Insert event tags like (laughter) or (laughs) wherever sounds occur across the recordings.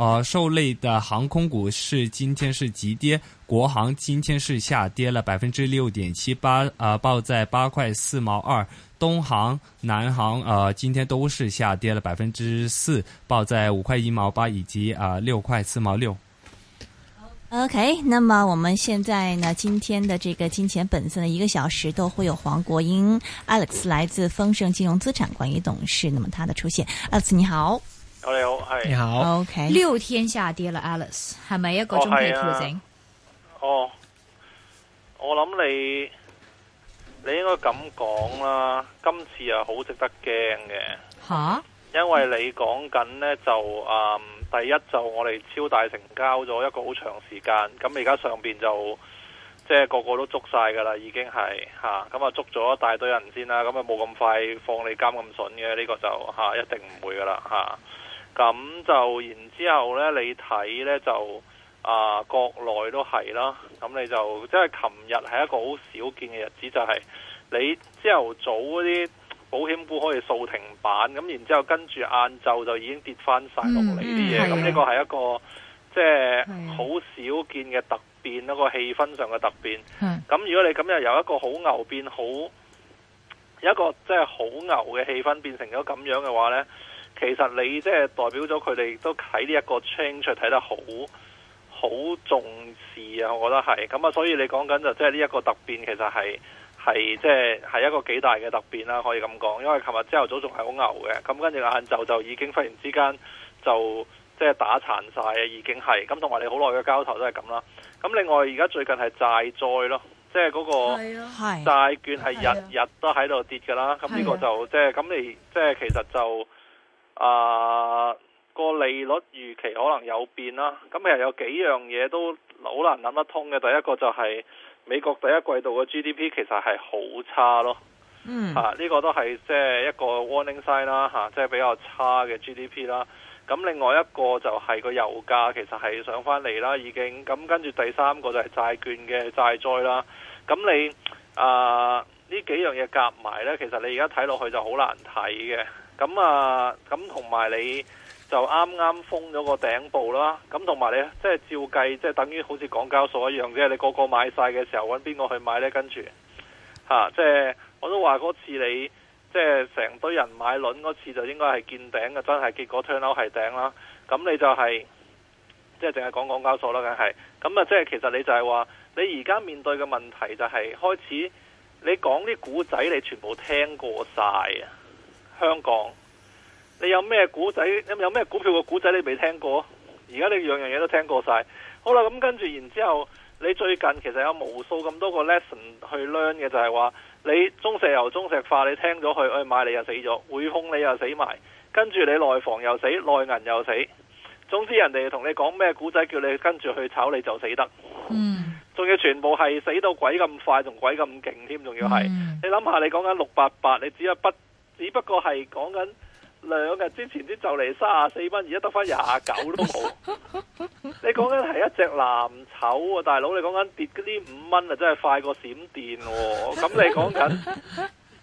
呃，受累的航空股是今天是急跌，國航今天是下跌了百分之六點七八，呃，報在八塊四毛二；東航、南航，呃，今天都是下跌了百分之四，報在五塊一毛八以及啊六塊四毛六。OK，那麼我們現在呢，今天的這個金錢本色的一個小時都會有黃國英 Alex 來自豐盛金融資產管理董事，那麼他的出現，Alex 你好。我、oh, 你好，係你好。O Okay K，六天下跌啦，Alice，係咪一個中期調哦、啊、整哦，我諗你你應該咁講啦。今次啊，好值得驚嘅。吓哈？因為你講緊呢，就啊、嗯，第一就我哋超大成交咗一個好長時間，咁而家上邊就即係個個都捉晒噶啦，已經係吓。咁啊就捉咗一大堆人先啦，咁啊冇咁快放你監咁筍嘅，呢、這個就吓、啊、一定唔會噶啦吓。啊咁就然之後呢，你睇呢，就啊、呃，國內都係啦。咁你就即係琴日係一個好少見嘅日子，就係、是、你朝頭早嗰啲保險股可以掃停板，咁然之後跟住晏晝就已經跌翻曬落嚟啲嘢。咁呢、嗯嗯啊、個係一個即係好少見嘅突變，啊啊、一個氣氛上嘅突變。咁、啊、如果你今日由一個好牛變好，有一個即係好牛嘅氣氛變成咗咁樣嘅話呢。其實你即係代表咗佢哋都喺呢一個 change 睇得好好重視啊，我覺得係。咁啊，所以你講緊就即係呢一個突變，其實係係即係係一個幾大嘅突變啦、啊，可以咁講。因為琴日朝頭早仲係好牛嘅，咁跟住晏晝就已經忽然之間就即係打殘晒啊，已經係咁。同埋你好耐嘅交投都係咁啦。咁另外而家最近係債災咯，即係嗰個債券係日日都喺度跌㗎啦。咁呢個就即係咁你即係其實就。啊，個利率預期可能有變啦。咁其實有幾樣嘢都好難諗得通嘅。第一個就係美國第一季度嘅 GDP 其實係好差咯。嗯，呢、啊呢個都係即係一個 warning sign 啦、啊，即、就、係、係、比較差嘅 GDP 啦。咁另外一個就係個油價其實係上翻嚟啦，已經咁跟住第三個就係債券嘅債災啦。咁你啊呢幾樣嘢夾埋呢，其實你而家睇落去就好難睇嘅。咁啊，咁同埋你就啱啱封咗個頂部啦。咁同埋你即係照計，即係等於好似港交所一樣，即係你個個買晒嘅時候，揾邊個去買呢？跟住吓，即係我都話嗰次你即係成堆人買輪嗰次就應該係見頂嘅，真係結果 turn 係頂啦。咁你就係即係淨係講港交所啦，梗係。咁啊，即係其實你就係話，你而家面對嘅問題就係開始，你講啲古仔你全部聽過晒啊。香港，你有咩股仔？有咩股票嘅股仔你未聽過？而家你樣樣嘢都聽過晒。好啦，咁跟住，然之後你最近其實有無數咁多個 lesson 去 learn 嘅，就係話你中石油、中石化，你聽咗去，哎買你又死咗，匯控你又死埋，跟住你內房又死，內銀又死。總之人哋同你講咩股仔，叫你跟住去炒，你就死得。嗯、仲要全部係死到鬼咁快，同鬼咁勁添，仲要係、嗯。你諗下，你講緊六八八，你只有不。只不過係講緊兩日之前啲就嚟卅四蚊，而家得翻廿九都冇。 (laughs) 你講緊係一隻藍籌啊，大佬！你講緊跌嗰啲五蚊啊，真係快過閃電喎！咁 (laughs) 你講緊，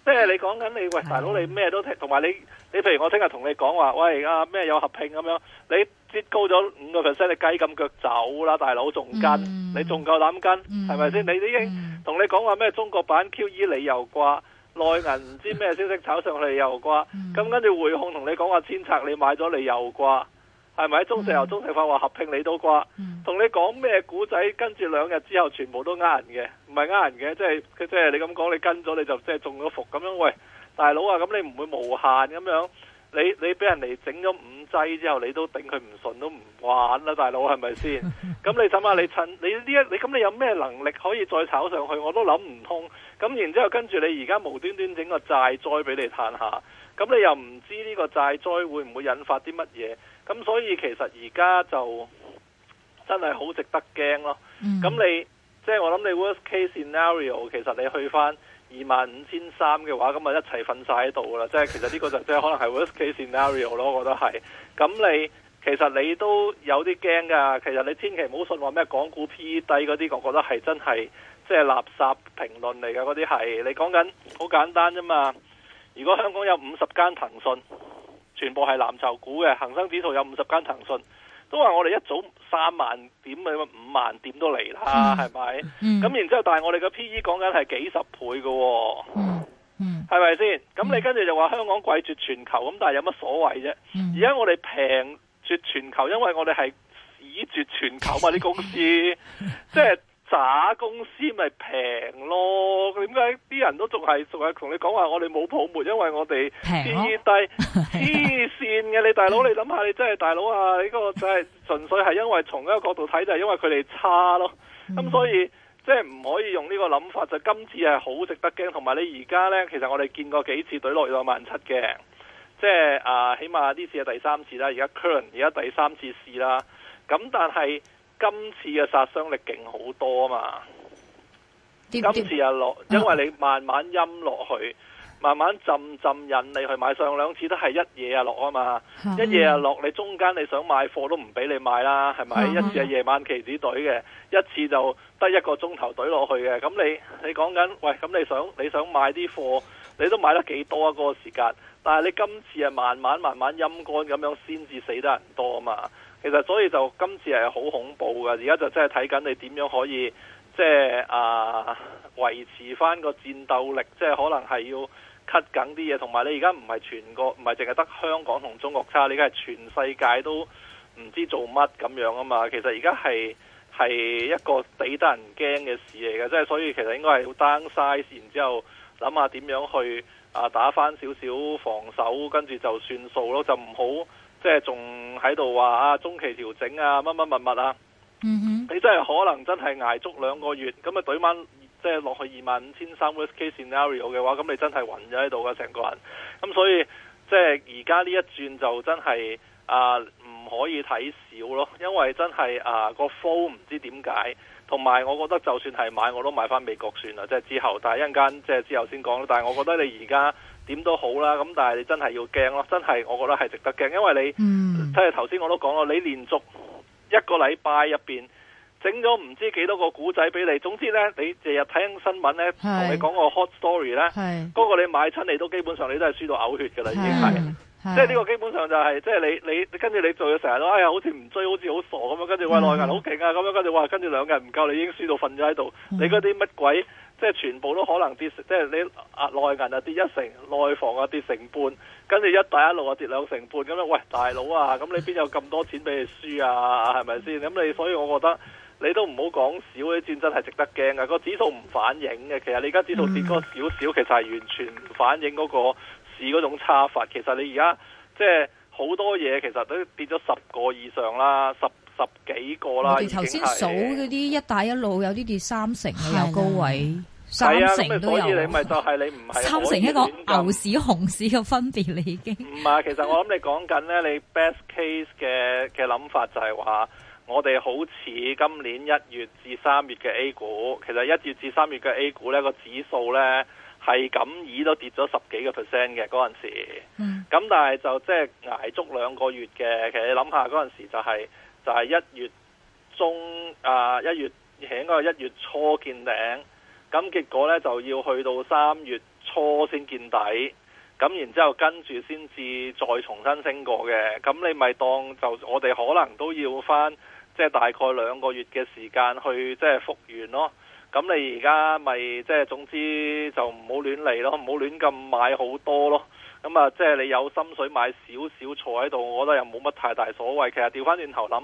即係你講緊你喂，大佬你咩都聽，同埋你，你譬如我聽日同你講話，喂而家咩有合併咁樣，你跌高咗五個 percent，你雞咁腳走啦，大佬！仲跟？你仲夠膽跟？係咪先？你已經同你講話咩中國版 QE，你又掛？內銀唔知咩消息炒上去又掛，咁、嗯、跟住匯控同你講話千策你買咗你又掛，係咪？中石油、中石化話合併你都掛，同、嗯、你講咩古仔，跟住兩日之後全部都呃人嘅，唔係呃人嘅，即係即係你咁講，你跟咗你就即係、就是、中咗伏咁樣。喂，大佬啊，咁你唔會無限咁樣？你你俾人哋整咗五劑之後，你都頂佢唔順，都唔玩啦，大佬係咪先？咁 (laughs) 你諗下，你趁你呢一，你咁你有咩能力可以再炒上去？我都諗唔通。咁然之後跟住你而家無端端整個債災俾你嘆下，咁你又唔知呢個債災會唔會引發啲乜嘢？咁所以其實而家就真係好值得驚咯。咁你即係、嗯、我諗你 worst case scenario，其實你去翻，二萬五千三嘅話，咁啊一齊瞓晒喺度啦！即係其實呢個就即係可能係 worst case scenario 咯，我覺得係。咁你其實你都有啲驚㗎。其實你千祈唔好信話咩港股 P 低嗰啲，我覺得係真係即係垃圾評論嚟㗎。嗰啲係你講緊好簡單啫嘛。如果香港有五十間騰訊，全部係藍籌股嘅，恒生指數有五十間騰訊。都話我哋一早三萬點，你咪五萬點都嚟啦，係咪？咁、嗯嗯、然之後，但係我哋個 P E 講緊係幾十倍喎，哦，係咪先？咁、嗯吧嗯、你跟住就話香港貴絕全球，咁但係有乜所謂啫？而家、嗯、我哋平絕全球，因為我哋係市絕全球嘛，啲公司 (laughs) 即係。差公司咪平咯？點解啲人都仲係仲係同你講話我哋冇泡沫？因為我哋黐線嘅你大佬，你諗下，你真係大佬啊！呢 (laughs) 個就係純粹係因為從一個角度睇就係、是、因為佢哋差咯。咁、嗯、所以即係唔可以用呢個諗法。就今次係好值得驚，同埋你而家呢，其實我哋見過幾次對落有到萬七嘅，即係啊，起碼呢次係第三次啦。而家 current 而家第三次試啦。咁但係。今次嘅殺傷力勁好多啊嘛，跌跌今次啊落，因為你慢慢陰落去，嗯、慢慢浸浸引你去買。上兩次都係一夜啊落啊嘛，嗯、一夜啊落你，你中間你想買貨都唔俾你買啦，係咪？嗯、一次係夜晚期指隊嘅，一次就得一個鐘頭隊落去嘅。咁你你講緊，喂，咁你想你想買啲貨？你都買得幾多啊？嗰個時間，但係你今次係慢慢慢慢陰乾咁樣，先至死得人多啊嘛。其實所以就今次係好恐怖嘅，而家就真係睇緊你點樣可以即係、就是、啊維持返個戰鬥力，即、就、係、是、可能係要 cut 緊啲嘢，同埋你而家唔係全個，唔係淨係得香港同中國差，你而家係全世界都唔知做乜咁樣啊嘛。其實而家係係一個死得人驚嘅事嚟嘅，即、就、係、是、所以其實應該係要 down size，然之後。諗下點樣去啊打翻少少防守，跟住就算數咯，就唔好即係仲喺度話啊中期調整啊乜乜乜乜啊。嗯哼。你真係可能真係挨足兩個月，咁啊懟翻即係落去二萬五千三 worst case scenario 嘅話，咁你真係暈咗喺度噶成個人。咁所以即係而家呢一轉就真係啊唔可以睇少咯，因為真係啊個 fall 唔知點解。同埋，我覺得就算係買，我都買返美國算啦，即係之後。但係一陣間，即係之後先講啦。但係我覺得你而家點都好啦。咁但係你真係要驚咯，真係我覺得係值得驚，因為你即係頭先我都講咯，你連續一個禮拜入面整咗唔知幾多個古仔俾你。總之呢，你日日聽新聞呢，同是你講個 hot story 呢，嗰是個你買親，你都基本上你都係輸到嘔血㗎啦，是已經係。即係呢個基本上就係、是，即、就、係、是、你你跟住你做嘢成日都，哎呀好似唔追，好似好傻咁樣。跟住喂，嗯、內銀好勁啊，咁樣跟住哇跟住兩個人唔夠，你已經輸到瞓咗喺度。嗯、你嗰啲乜鬼，即、就、係、是、全部都可能跌，即、就、係、是、你啊內銀啊跌一成，內房啊跌成半，跟住一帶一路啊跌兩成半咁樣。喂大佬啊，咁你邊有咁多錢俾你輸啊？係咪先？咁你所以我覺得你都唔好講少啲戰爭係值得驚啊、那個指數唔反映嘅。其實你而家指數跌嗰少少，其實係完全唔反映嗰、那個。嗯嗯似嗰種差法，其實你而家即係好多嘢，其實都跌咗十個以上啦，十十幾個啦。我哋頭先數嗰啲一帶一路有啲跌三成嘅高位，嗯、三成都有。係啊、所以你咪就係你唔係三成一個牛市熊市嘅分別你已經、嗯。唔係，其實我諗你講緊咧，你 best case 嘅嘅諗法就係話，我哋好似今年一月至三月嘅 A 股，其實一月至三月嘅 A 股呢、呢個指數咧。係咁，已都跌咗十幾個 percent 嘅嗰陣時，咁、嗯、但係就即係捱足兩個月嘅。其實你諗下嗰陣時就係、是、就係、是、一月中啊一月，係應該係一月初見頂，咁結果呢，就要去到三月初先見底，咁然之後跟住先至再重新升過嘅。咁你咪當就我哋可能都要返即係大概兩個月嘅時間去即係、就是、復原咯。咁你而家咪即係總之就唔好亂嚟咯，唔好亂咁買好多咯。咁啊，即係你有心水買少少坐喺度，我覺得又冇乜太大所謂。其實調翻轉頭諗，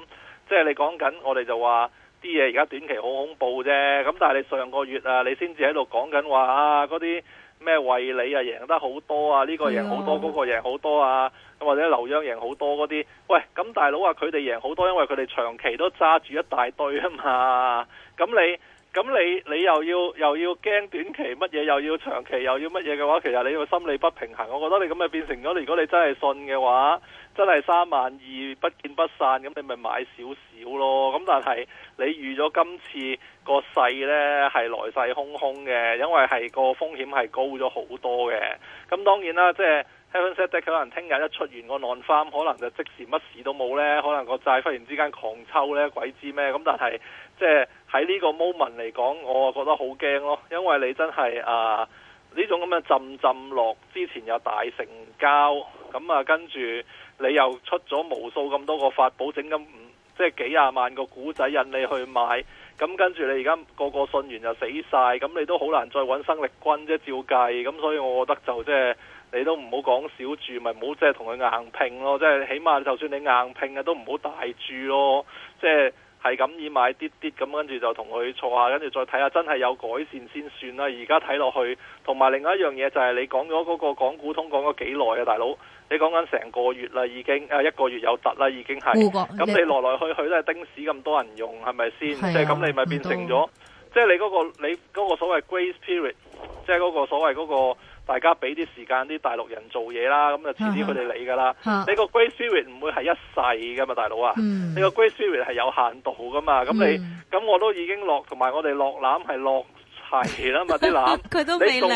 即係你講緊我哋就話啲嘢而家短期好恐怖啫。咁但係你上個月啊，你先至喺度講緊話啊，嗰啲咩惠理啊贏得好多啊，呢個贏好多，嗰個贏好多啊，咁或者劉央贏好多嗰啲。喂，咁大佬啊，佢哋贏好多，因為佢哋長期都揸住一大堆啊嘛。咁你？咁你你又要又要驚短期乜嘢，又要長期又要乜嘢嘅話，其實你個心理不平衡。我覺得你咁咪變成咗，如果你真係信嘅話，真係三萬二不見不散，咁你咪買少少咯。咁但係你預咗今次個勢呢係來勢洶洶嘅，因為係個風險係高咗好多嘅。咁當然啦，即係 Heaven set 即係可能聽日一出完個 non-farm，可能就即時乜事都冇呢，可能個債忽然之間狂抽呢，鬼知咩？咁但係。即係喺呢個 moment 嚟講，我覺得好驚咯，因為你真係啊呢種咁嘅浸浸落，之前有大成交，咁啊跟住你又出咗無數咁多個法寶整咁，即係幾廿萬個古仔引你去買，咁跟住你而家個個信完又死晒。咁你都好難再揾生力軍啫。照計，咁所以我覺得就即係你都唔好講小注，咪唔好即係同佢硬拼咯。即係起碼就算你硬拼啊，都唔好大注咯。即係。係咁，以買啲啲咁，跟住就同佢坐下，跟住再睇下真係有改善先算啦。而家睇落去，同埋另外一樣嘢就係你講咗嗰個港股通講咗幾耐啊，大佬，你講緊成個月啦，已經一個月有突啦，已經係。咁國你來來去去都係丁屎咁多人用係咪先？即係咁你咪變成咗，柯道 即係你嗰個你嗰個所謂 Grace Period，即係嗰個所謂嗰個。大家俾啲時間啲大陸人做嘢啦，咁就遲啲佢哋嚟噶啦。嗯、你個 great spirit 唔會係一世噶嘛，大佬啊，嗯、你個 great spirit 係有限度噶嘛。咁你咁、嗯、我都已經落同埋我哋落攬係落齊啦嘛，啲攬。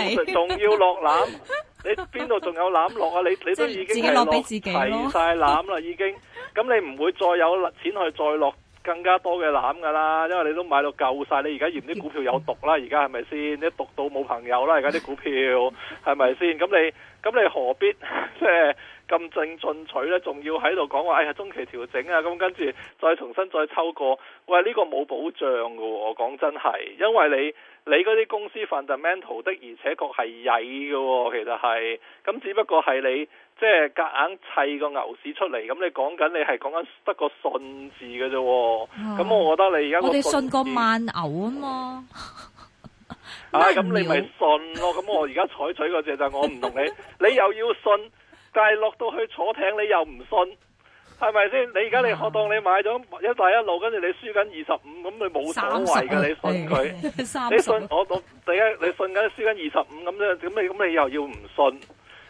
(laughs) 你仲仲要落攬？ (laughs) 你邊度仲有攬落啊？你你都已經係落齊曬攬啦，已經。咁你唔會再有錢去再落。更加多嘅攬㗎啦，因為你都買到夠晒。你而家嫌啲股票有毒啦，而家係咪先？你一毒到冇朋友啦，而家啲股票係咪先？咁 (laughs) 你咁你何必即係。 (laughs) 就是咁正進取呢仲要喺度講話，哎呀，中期調整啊！咁跟住再重新再抽過，喂，呢個冇保障嘅喎，講真係，因為你你嗰啲公司 fundamental 的，而且確係曳嘅喎，其實係咁，只不過係你即係夾硬砌個牛市出嚟，咁你講緊你係講緊得個信字嘅啫，咁、啊、我覺得你而家我哋信個慢牛啊嘛，咁、啊、你咪信咯，咁我而家採取個嘢就我唔同你，你又要信。 (laughs) 但係落到去坐艇，你又唔信，係咪先？你而家你我當你買咗一帶一路，跟住你輸緊二十五，咁你冇所謂噶？你信佢，你信我我第一，你信緊輸緊二十五咁咧，咁你咁你又要唔信？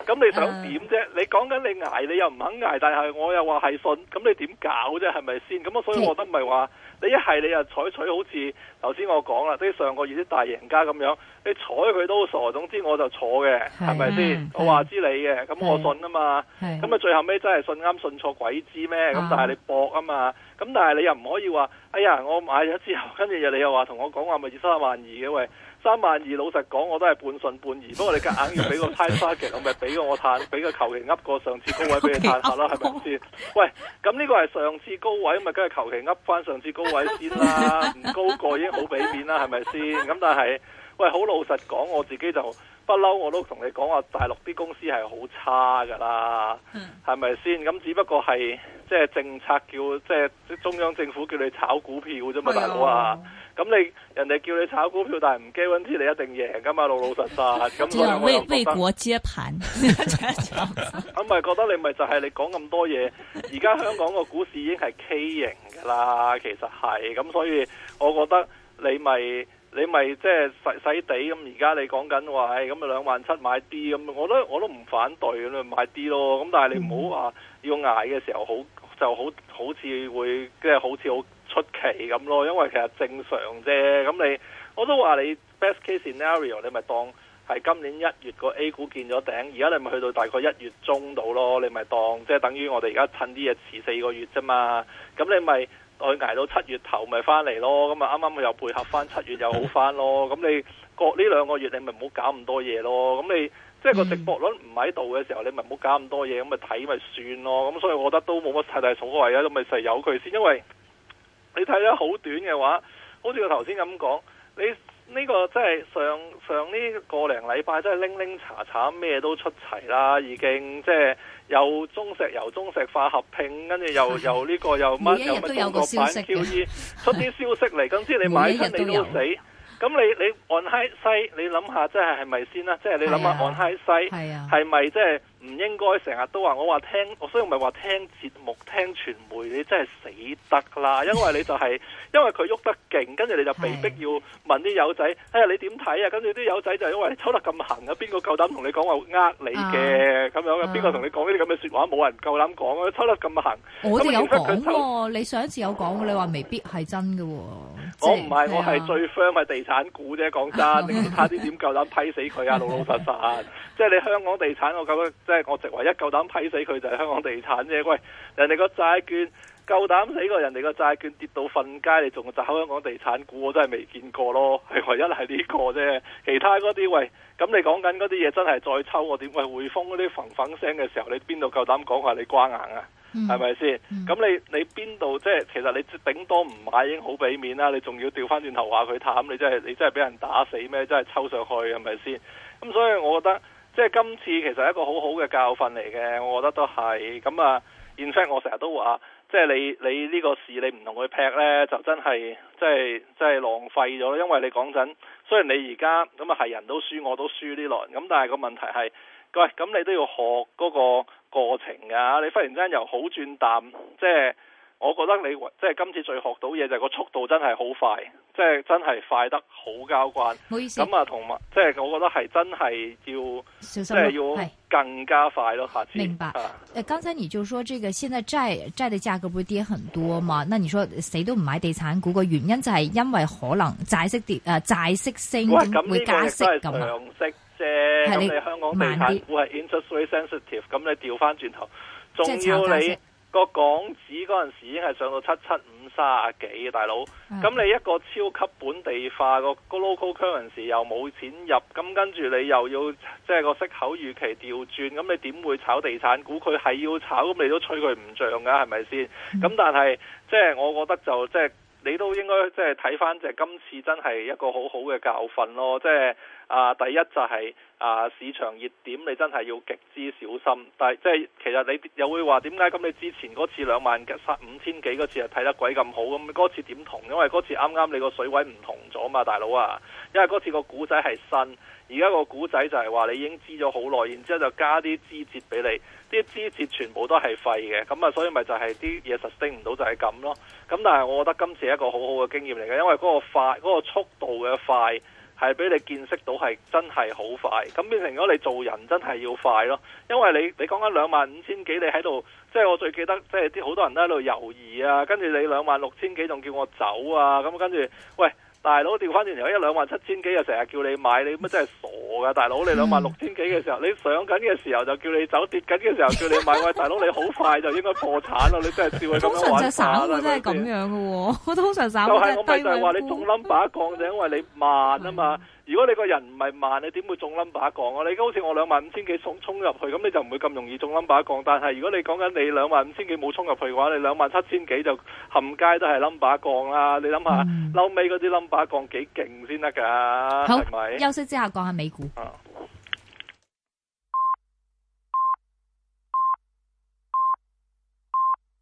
咁你想點啫？你講緊你捱，你又唔肯捱，但係我又話係信，咁你點搞啫？係咪先？咁啊，所以我覺得唔係話。你一係你又採取好似頭先我講啦，即係上個月啲大贏家咁樣，你睬佢都傻。總之我就坐嘅，係咪先？是是是我話知你嘅，咁我信啊嘛。咁啊最後尾真係信啱信錯鬼知咩？咁但係你博啊嘛。咁、啊、但係你又唔可以話，哎呀我買咗之後跟住又你又話同我講話咪至三萬二嘅喂。三萬二，32，老實講我都係半信半疑。不過你夾硬要俾個 target 我咪俾個我嘆，俾個求其噏過上次高位俾你嘆下啦，係咪先？喂，咁呢個係上次高位，咪梗係求其噏翻上次高位先啦。唔高過已經好俾面啦，係咪先？咁但係。喂，好老實講，我自己就不嬲，我都同你講啊，大陸啲公司係好差噶啦，係咪先？咁只不過係即係政策叫，即、就、係、是、中央政府叫你炒股票啫嘛，的大佬啊！咁你人哋叫你炒股票，但係唔 guarantee，你一定贏噶嘛，老老實實。咁所以我又為國接盤，咁 (laughs) 咪 (laughs) 覺得你咪就係、是、你講咁多嘢。而家香港個股市已經係 K 型噶啦，其實係咁，所以我覺得你咪、就是。你咪即係細細地咁，而、嗯、家你講緊話，唉、嗯，咁啊兩萬七買啲咁，我都我都唔反對咁啊買啲咯。咁、嗯、但係你唔好話要捱嘅時候好，就好好似會即係、就是、好似好出奇咁咯。因為其實正常啫。咁、嗯、你我都話你 best case scenario，你咪當係今年一月個 A 股見咗頂，而家你咪去到大概一月中度咯。你咪當即係、就是、等於我哋而家趁啲嘢遲四個月啫嘛。咁、嗯、你咪。我挨到七月頭，咪翻嚟咯。咁咪啱啱咪又配合翻七月又好翻咯。咁你過呢兩個月，你咪唔好搞咁多嘢咯。咁你即係個直播率唔喺度嘅時候，你咪唔好搞咁多嘢。咁咪睇咪算咯。咁所以我覺得都冇乜太大所謂啊。咁咪就由佢先，因為你睇咗好短嘅話，好似我頭先咁講你。呢個即係上上呢個零禮拜，即係拎拎查查，咩都出齊啦，已經即係有中石油、中石化合併，跟住又有、呢個、又呢個又乜又乜個中國版 QE 出啲消息嚟、e,，咁即係你買親你都死。咁你你按 High 西，你諗下即係係咪先啦？即、就、係、係、你諗下按 High 西係咪即係？係唔應該成日都話我話聽，所以我唔係話聽節目聽傳媒，你真係死得啦！因為你就係因為佢喐得勁，跟住你就被逼要問啲友仔：哎呀，你點睇啊？跟住啲友仔就因為你抽得咁行啊，邊個夠膽同你講話呃你嘅咁樣？邊個同你講呢啲咁嘅説話？冇人夠膽講啊！抽得咁行，我都有講。你上一次有講嘅，你話未必係真嘅。我唔係，我係最 firm 係地產股啫。講真，其他啲點夠膽批死佢啊？老老實實，即係你香港地產，我覺得。即係我直唯一夠膽批死佢就係香港地產啫。喂人哋個債券夠膽死過人哋個債券跌到瞓街，你仲炒香港地產股，我真係未見過咯，係唯一係呢個啫。其他嗰啲喂，咁你講緊嗰啲嘢真係再抽我點喂匯豐嗰啲粉粉聲嘅時候，你邊度夠膽講話你瓜硬啊？係咪先？咁、嗯、你你邊度即係其實你頂多唔買已經好俾面啦，你仲要掉翻轉頭話佢淡，你真係你真係俾人打死咩？真係抽上去係咪先？咁所以我覺得。即係今次其實係一個好好嘅教訓嚟嘅，我覺得都係。咁啊，in fact 我成日都話，即係你你呢個事你唔同佢劈呢，就真係即係即係浪費咗。因為你講真，雖然你而家咁啊係人都輸我都輸呢輪，咁但係個問題係，喂咁你都要學嗰個過程㗎。你忽然之間又好轉淡，即係。我覺得你即係今次最學到嘢就個速度真係好快，即係真係快得好交關。唔好意思咁啊，同埋即係我覺得係真係要小心、啊、即係要更加快咯，下次。明白。誒、啊，剛才你就說這個現在債債的價格會跌很多嘛？嗯、那你說死都唔買地產股個原因就係因為可能債息跌啊，債息升咁會加息咁啊。咁呢個都係常識啫。係你，你香港地產股係 interest rate sensitive，咁點你調翻轉頭，仲要你。個港紙嗰陣時已經係上到七七五三啊幾，大佬。咁你一個超級本地化、個 local currency 又冇錢入，咁跟住你又要即係、就是、個息口預期調轉，咁你點會炒地產股？佢係要炒，咁你都吹佢唔漲噶，係咪先？咁但係即係我覺得就即係、就是、你都應該即係睇翻，即係今次真係一個好好嘅教訓咯，即係。啊！第一就係、是、啊，市場熱點你真係要極之小心。但係即係其實你又會話點解咁？你之前嗰次兩萬五千幾嗰次係睇得鬼咁好，咁、那、嗰、個、次點同？因為嗰次啱啱你個水位唔同咗嘛，大佬啊！因為嗰次個古仔係新，而家個古仔就係話你已經知咗好耐，然之後就加啲枝節俾你，啲枝節全部都係廢嘅。咁啊，所以咪就係啲嘢實證唔到就係咁咯。咁但係我覺得今次係一個好好嘅經驗嚟嘅，因為嗰個快嗰、那個、速度嘅快。係俾你見識到係真係好快，咁變成咗你做人真係要快咯，因為你你講緊兩萬五千幾，你喺度即係我最記得，即係啲好多人都喺度猶豫啊，跟住你兩萬六千幾仲叫我走啊，咁跟住喂。大佬跌翻轉頭一兩萬七千幾啊，成日叫你買，你乜真係傻噶？大佬你兩萬六千幾嘅時候，你上緊嘅時候就叫你走，跌緊嘅時候叫你買喂， (laughs) 大佬你好快就應該破產咯， (laughs) 你真係只會咁樣玩啦。通常就是省真係咁樣嘅，我都好想省。就係我咪就係話你重冧把降就因為你慢啊嘛。如果你個人唔係慢，你點會中 number 降啊？你而家好似我兩萬五千幾衝入去，咁你就唔會咁容易中 number 降。但係如果你講緊你兩萬五千幾冇衝入去嘅話，你兩萬七千幾就冚街都係 number 降啦。你諗下，溜尾嗰啲 number 降幾勁先得㗎？係咪？好是是休息之下講下美股。啊